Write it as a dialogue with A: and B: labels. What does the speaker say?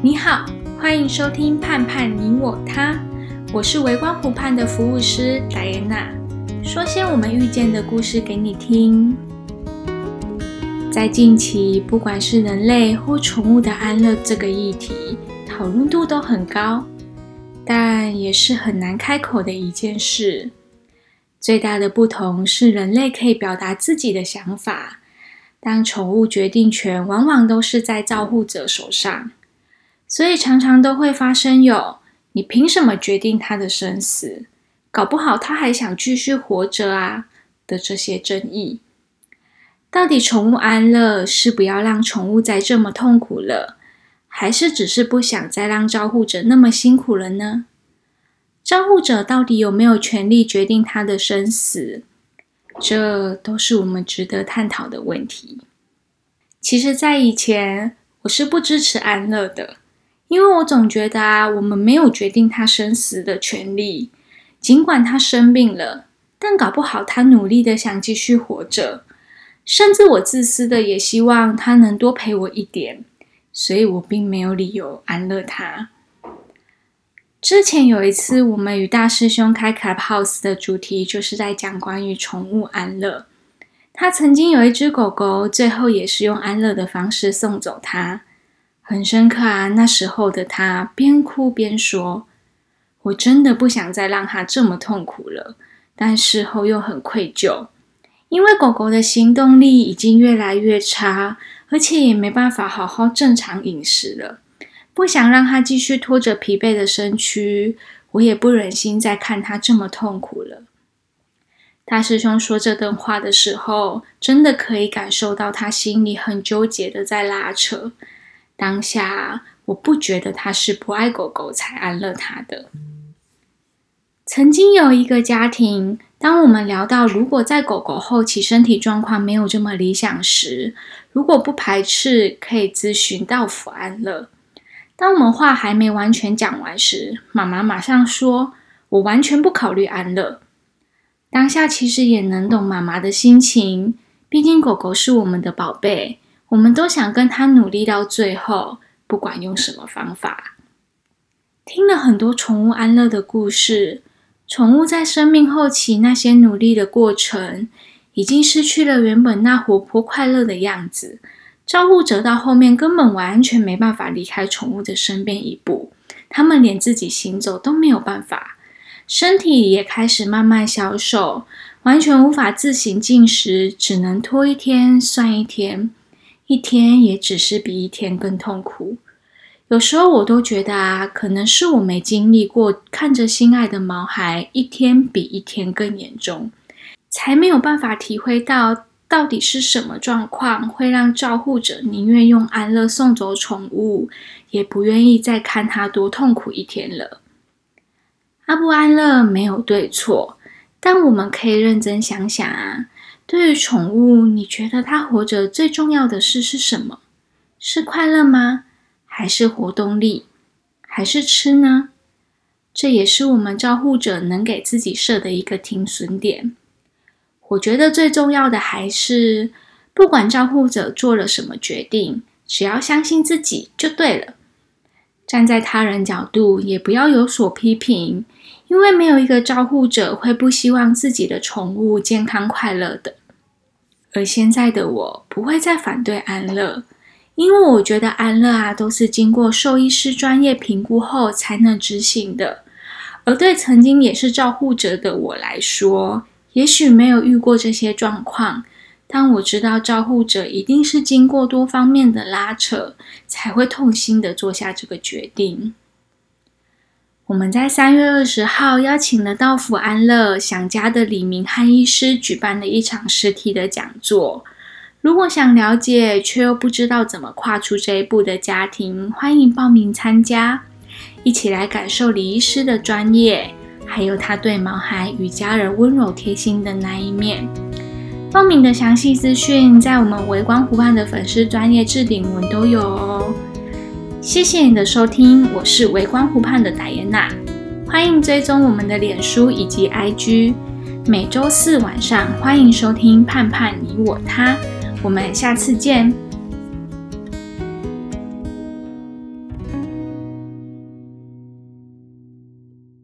A: 你好，歡迎收聽《盼盼你我他》，我是微光湖畔的服務師戴安娜，說些我們遇見的故事給你聽。在近期，不管是人類或寵物的安樂這個議題，討論度都很高，但也是很難開口的一件事。最大的不同是，人類可以表達自己的想法，但寵物決定權往往都是在照護者手上。所以常常都會發生有你憑什麼決定他的生死？搞不好他還想繼續活着啊的這些爭議。到底寵物安樂是不要讓寵物再這麼痛苦了，還是只是不想再讓照顧者那麼辛苦了呢？照顧者到底有沒有權利決定他的生死？這都是我們值得探討的問題。其實在以前，我是不支持安樂的。因為我總覺得啊，我們沒有決定他生死的權利，儘管他生病了，但搞不好他努力的想繼續活着，甚至我自私的也希望他能多陪我一點，所以我並沒有理由安樂他。之前有一次，我們與大師兄開 Clubhouse 的主題就是在講關於寵物安樂，他曾經有一只狗狗，最後也是用安樂的方式送走它。很深刻啊！那時候的他邊哭邊說：“我真的不想再讓他這麼痛苦了。”但事後又很愧疚，因為狗狗的行動力已經越來越差，而且也沒辦法好好正常飲食了。不想讓它繼續拖着疲憊的身軀，我也不忍心再看它這麼痛苦了。大師兄說這段話的時候，真的可以感受到他心裡很糾結的在拉扯。當下我不覺得他是不愛狗狗才安樂他的。曾經有一個家庭，當我們聊到如果在狗狗後期身體狀況沒有這麼理想時，如果不排斥，可以諮詢到府安樂。當我們話還沒完全講完時，媽媽馬上說：“我完全不考慮安樂。”當下其實也能懂媽媽的心情，畢竟狗狗是我們的寶貝。我們都想跟他努力到最後，不管用什麼方法。聽了很多寵物安樂的故事，寵物在生命後期那些努力的過程，已經失去了原本那活潑快樂的樣子。照顧者到後面根本完全沒辦法離開寵物的身邊一步，他們連自己行走都沒有辦法，身體也開始慢慢消瘦，完全無法自行進食，只能拖一天算一天。一天也只是比一天更痛苦，有時候我都覺得啊，可能是我沒經歷過，看着心愛的毛孩一天比一天更嚴重，才沒有辦法體會到到底是什麼狀況會讓照護者寧願用安樂送走寵物，也不願意再看他多痛苦一天了。阿布安樂沒有對錯，但我們可以認真想想啊。對於寵物，你覺得它活着最重要的事是什麼？是快樂嗎？還是活動力？還是吃呢？這也是我們照護者能給自己設的一個停損點。我覺得最重要的還是，不管照護者做了什麼決定，只要相信自己就對了。站在他人角度，也不要有所批評，因為沒有一個照護者會不希望自己的寵物健康快樂的。而現在的我不會再反對安樂，因為我覺得安樂啊都是經過獸醫師專業評估後才能執行的。而對曾經也是照護者的我來說，也許沒有遇過這些狀況，但我知道照護者一定是經過多方面的拉扯，才會痛心的做下這個決定。我們在三月二十號邀請了到府安樂想家的李明翰醫師，舉辦了一場實體的講座。如果想了解卻又不知道怎麼跨出這一步的家庭，歡迎報名參加，一起來感受李醫師的專業，還有他對毛孩與家人溫柔貼心的那一面。報名的詳細資訊在我們微光湖盼的粉絲專頁置頂文都有哦。謝謝你的收聽，我是微光湖盼的戴安娜，歡迎追蹤我們的臉書以及 IG，每周四晚上歡迎收聽《盼盼你我他》，我們下次見。